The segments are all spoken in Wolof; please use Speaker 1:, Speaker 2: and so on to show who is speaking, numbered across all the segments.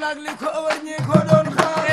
Speaker 1: nag li ko wër ñi ko doon xaar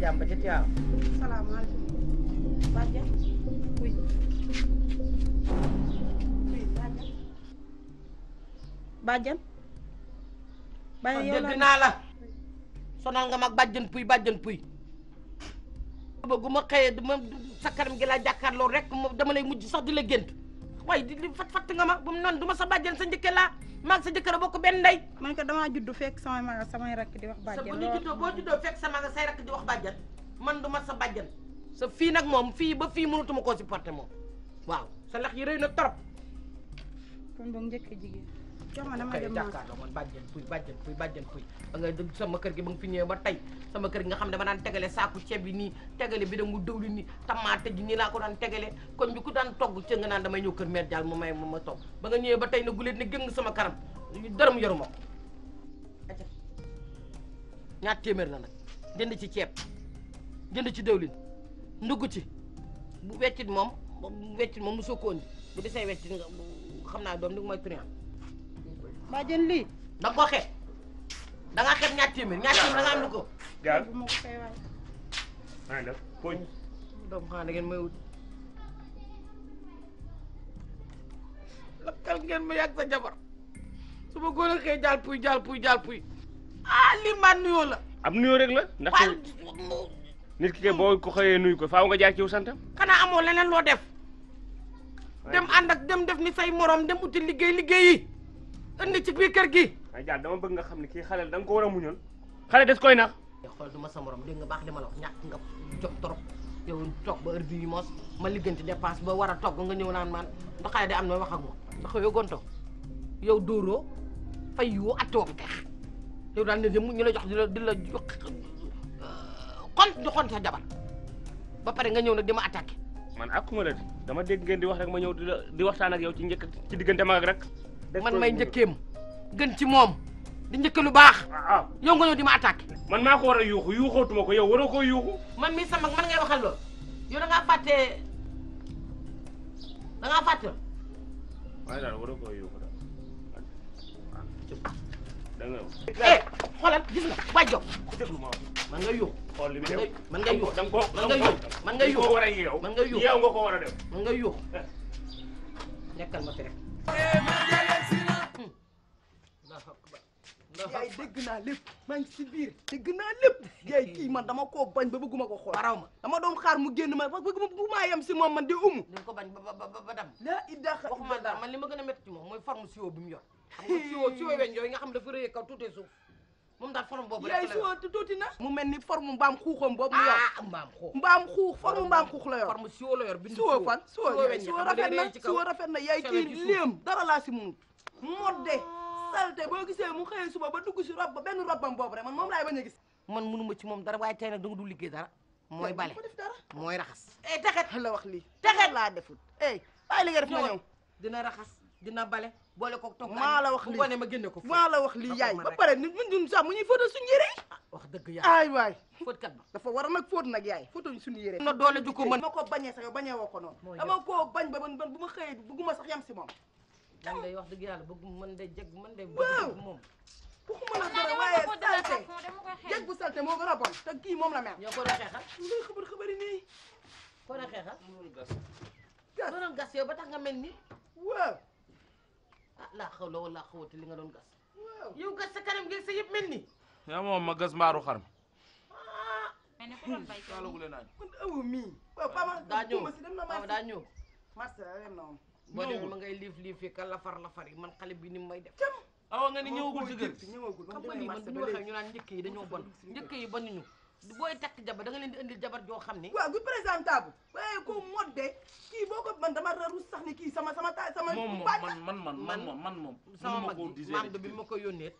Speaker 1: jàmm jàmm ba ca Thiaw. salaamaaleykum. Badja. oui. oui Badja. Badja. Badja yow naa la. sonal nga mag bàjjan puy bàjjan puy. bëggu ma xëyee du ma sa kanam gi la jàkkaarloo rek dama lay mujj sax di la gént. waaye di li fat fatt nga ma bu mu naan ma sa bàjjen sa njëkke laa maag sa jëkkër a bokk benn ndey man ko damaa judd fekk samay maga samay rakk wax bàjjen bu ñu juddoo boo juddoo fekk sa maga say rakk di wax bàjjen man du ma sa bàjjen sa fii nag moom fii ba fii mënutuma koo si supporter moom waaw sa lex yi rey na trop kon boog njëkk jigéen jox ma dama dem jàkkaarloo man bàjjen puy bàjjen puy puy ba nga dem sama kër gi ba nga fi ñëwee ba tey sama kër gi nga xam ne dama daan tegale saaku ceeb bi nii tegale bi dangu dëwli nii tamaate ji nii laa ko daan tegale kon bi ku daan togg ci nga naan damay ñëw kër mère Dial mu ma togg ba nga ñëwee ba tey na guleet ne gëng sama kanam dërëm yoruma ko téeméer la nag ci ceeb jënd ci dëwlin ndugg ci bu weccit moom bu moom mosoo ko andi bu desee weccit nga xam naa doom ni may maa jën lii. da nga ko xeeb da nga xeeb ñaar téeméer ñaar téeméer ko. gaal ma ko fay waay. maa ngi def ngeen ma yàgg sa jabar su ma góor a xëy jaal puy jaal puy jaal ah, lii maa nuyoo la. am nuyoo rek la ndax. nit ki kay boo ko xëyee nuyu ko faaw nga jaar ci wu santam. xanaa amoo leneen loo def. dem ànd ak dem def ni say morom dem uti liggéey liggéey indi ci biir kër gi. ay dama bëgg nga xam ne kii xale da nga ko war a muñoon xale des koy nax. Eh, xool du ma sa morom dégg nga baax li ma la ñàkk nga jom trop yow toog ba heure bii mos ma ligganti dépasse war a togg nga ñëw naan man ndax xale am na wax ak moom ndax yow gonto yow dóoroo fay yoo attoo ko tex yow daal ne mu ñu la jox di la di la kon euh, xont di xont sa jabar ba pare nga ñëw nag di ma attaqué. man akkuma la dama dégg ngeen di wax rek ma ñëw di la di waxtaan ak yow ci njëkk ci diggante mag rek. man may njëkkeem gën ci moom di njëkk lu baax. Ah, ah. yow nga ñëw di ma attaqué. man maa ko war a yuuxu yuuxootuma ko yow waroo koo yuuxu. man mii sama man ngay waxal lool yow da ngaa fàtte da ngaa fàtte. waaye daal waroo eh, gis nga wàjjo. man nga yuuxu. xool li man nga yuuxu da nga koo da man nga yuuxu man nga yuuxu man nga yuuxu yow war a def. man nga yuuxu ma fi yaay dégg naa lépp maa ngi si biir dégg naa lépp yaay kii man dama koo bañ ba bëgguma ko xool baraw ma dama doon xaar mu génn ma parce que bu maa si moom man di ko bañ ba ba ba dam laa idda waxuma dara man li ma a métti ci moom mooy forme siwo bi mu yor xam nga siwo siwo weñ yooyu nga xam dafa na mu mel ni forme mbaam xuuxam boobu mu yor ah, mbaam xuux mbaam xuux forme mbaam xuux la yor forme siwo la yor bind siwo fan siwo siwo rafet na siwo rafet na yaay kii léem dara laa si mun modde salte boo gisee mu xëyee suba ba dugg si rob ba benn robam boobu rek man moom laay bañ a gis man munuma ci moom dara waaye tey nag danga liggéey dara mooy bale mooy raxas eh texet la wax lii texet laa defut eh bàyyi e nga def nga ñëw dina raxas dina bale boole ko toog maa la wax lii bu ma génne ko maa la wax lii yaay ba pare nit dun sax mu ñuy fóotal suñu yére ah, wax dëgg yaay ay waay fóotkat ba dafa war a nag fóot nag yaay fóotal sunu yére na doole ju ko mën ma ko bañee sax yow bañee wo ko noonu dama koo bañ ba man man bu ma xëyee bugguma sax yam si moom man day wax dëgg yàlla bëgg mën day jeg mën day bëgg moom waxuma la dara jeg bu salte moo gën a bon te kii moom la mel ñoo ko doon xeexal ngay xabar xabari nii ko doon xeexal gas doon gas yow ba tax nga mel ni waaw ah laa xaw la wala li nga doon gas waaw yow gas sa kanam gi sa yëpp mel ni yow moom ma gas mbaaru xar ah. mi man awu mii waaw papa daa ñëw daa ñëw marché dem na woon boo demee ma ngay liif liif yi ka lafar lafar yi man xale bi ni may def awa nga ni ñëwagul si gër xam nga lii man bu ñu waxee ñu naan njëkk yi dañoo bon njëkk yi bon ñu booy takk jabar da nga leen di indil jabar joo xam ne waaw bu présentable waaye eh, ko modde kii boo ko man dama rarus sax ni kii sama sama ta sama moom man man man man moom man moom sama mag bi maam bi ma ko yónnee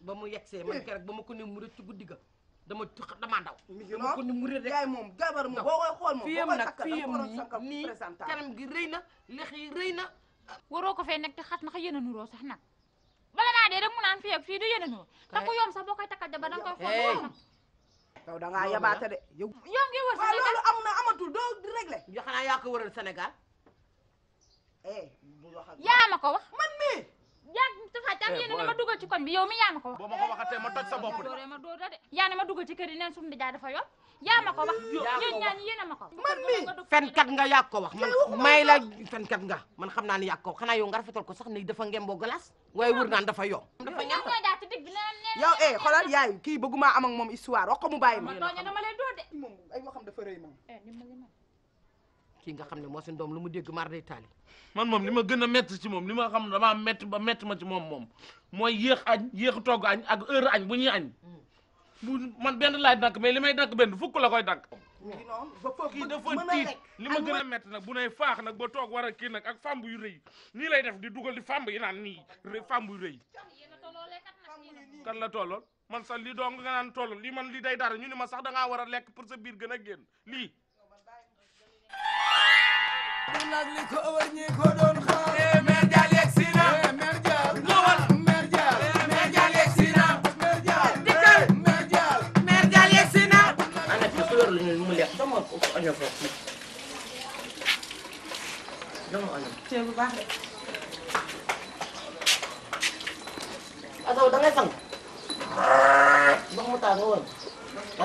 Speaker 1: ba mu yegsee man eh. keroog ba ma ko ne mu rëcc ci guddi ga dama dama ndaw. dama ko ni mu réer yaay moom jabar moom boo koy xool moom boo koy takkal da nga nii kanam gi rëy na lex yi rëy na. waroo ko fee nekk te xat na xa yéen a nuroo sax nag bala naa dee rek mu naan fii ak fii du yéen a nuroo. te ku yomb sax boo koy takkal jabar da nga koy xool. Eh. yow da ngaa yabaate na amatul eh, yaa ma ko wax man mii. yàgg Tafa Thiam eh, yéen ne ma yaa ma ko ma ko sa bopp de. dooree ma yaa ne ma dugal ci kër yi neen suñu nijaay dafa yor yaa ma ko wax. a ko. man mii nga yaa ko wax man may la fenkat nga man xam naa ne yaa ko wax xanaa yow nga rafetal ko sax ni dafa ngemboo glace waaye wër naan dafa yomb. dafa ñàkk yow eh xoolal yaay kii bëgguma am ak moom histoire wax ko mu bàyyi ma. man dooñu dama leen door de. moom ay waxam dafa kii nga xam ne moo seen doom lu mu dégg mar day taali man moom li ma gën a métti ci moom li ma xam ne damaa métti métti ma ci moom moom mooy yéex añ yéex togg añ ak añ bu ñuy añ bu man benn laay dakk mais li may dakk benn fukk la koy dakk kii dafa tiit li ma gën a métti nag bu nay faax nag ba toog war a nag ak fàmb yu rëy nii lay def di dugal di fàmb yi naan nii fàmb yu rëy kan la tolol man sax lii dong nga an tolloon lii man lii day dara ñu ne ma sax da ngaa war a lekk pour sa biir gën a génn lii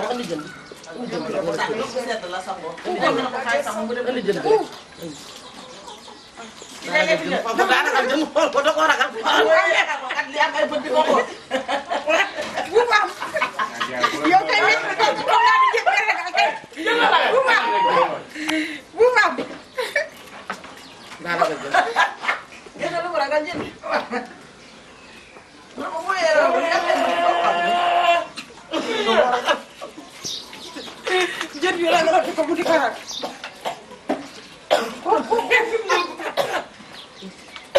Speaker 1: Andi jënd. daanaka jëm xool ko da koo ragal. kat li am ay bët di ko xool. bu baax. yow kay wér na ko toog naa di jëm kër ragal kay. bu baax bu baax. daanaka jëm. gën a lu ko ragal jëm. jën yu ragal ko bu di ko ragal.